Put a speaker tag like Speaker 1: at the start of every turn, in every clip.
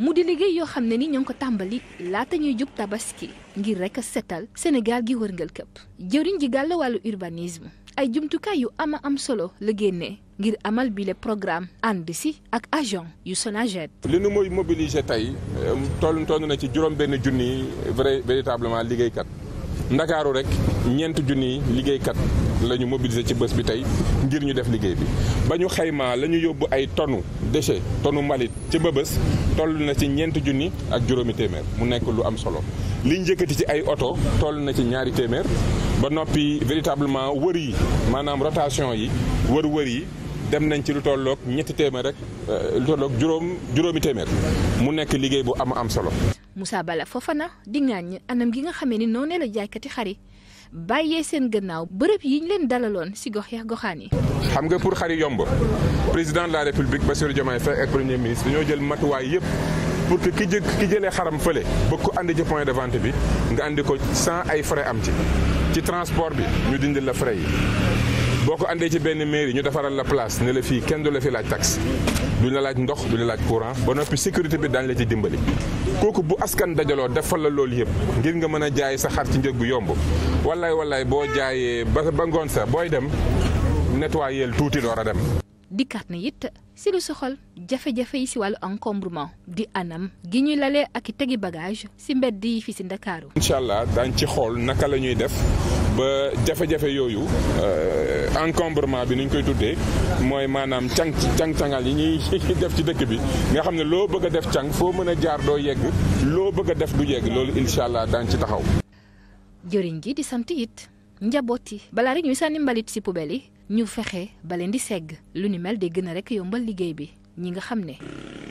Speaker 1: mu di liggéey yoo xam ne ni ñoo ko tàmbali laata ñuy jub tabaski ngir rek a setal Sénégal gi wërngal këpp jëriñ ji gàll wàllu urbanisme ay jumtukaay yu ama am solo la génnee ngir amal bile programme ànd ak agent yu Sonaged.
Speaker 2: li nu muy mobiliser tey euh, toll toll na ci juróom benn junni vrai véritablement liggéeykat. ndakaaru rek ñeent junni liggéeykat la ñu mobiliser ci bés bi tey ngir ñu def liggéey bi ba ñu xayma la ñu yóbbu ay tonu déchet tonu mbalit ci ba bés toll na ci ñeenti junni ak juróomi téeméer mu nekk lu am solo li ñu njëkkati ci ay oto toll na ci ñaari téeméer ba noppi véritablement wër yi maanaam rotation yi wër wër yi dem nañ ci lu tolloog ñetti téeméer rek euh, lu tolloog juróom juróomi téeméer mu nekk liggéey bu am am solo
Speaker 1: Moussa Bala Fofana di ñi anam gi nga xamee ni noonee la jaaykati xar yi bàyyee seen gannaaw bërëb yi ñu leen dalaloon si gox ya goxaan yi.
Speaker 2: xam nga pour xar yomb président la république Bassirou Diomaye Faye ak premier ministre dañoo jël matuwaay yëpp. pour que ki jë jëlee xaram fële ba ko andi ci point de vente bi nga andi ko sans ay frais am ci ci transport bi ñu dindil la frais yi boo ko andee ci benn mairie ñu defaral la place ne la kenn du la fi laaj taxe duñ la laaj ndox lu la laaj courant ba noppi sécurité bi daañu la ci dimbali kooku bu askan dajaloo defal la loolu yëpp ngir nga mën a jaay sa xar ci njëg gu yomb wallaay wallaay boo jaayee ba ba ngoon sa booy dem nettoyé tuuti door a dem.
Speaker 1: dikkaat ni it si lu soxal jafe-jafe yi si wàllu encombrement di anam gi ñuy lalee ak i bagage si mbedd yi fi si Ndakaaru.
Speaker 2: incha allah daañ ci xool naka la ñuy def ba jafe yooyu. Euh, encombrement bi ni ñu koy tuddee mooy maanaam càng càng-cangal yi ñuy def ci dëkk bi nga xam ne loo bëgg a def càng foo mën a jaar doo yegg loo bëgg a def du yegg loolu incha allah daañ ci taxaw
Speaker 1: jëriñ gi di sant it njaboot yi balaa rek ñuy sànni mbalit si poubelle yi ñu fexe ba leen di segg lu ni mel day gën a rek yombal liggéey bi ñi nga xam ne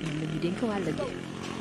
Speaker 1: ñoom ñu dénk wàll gi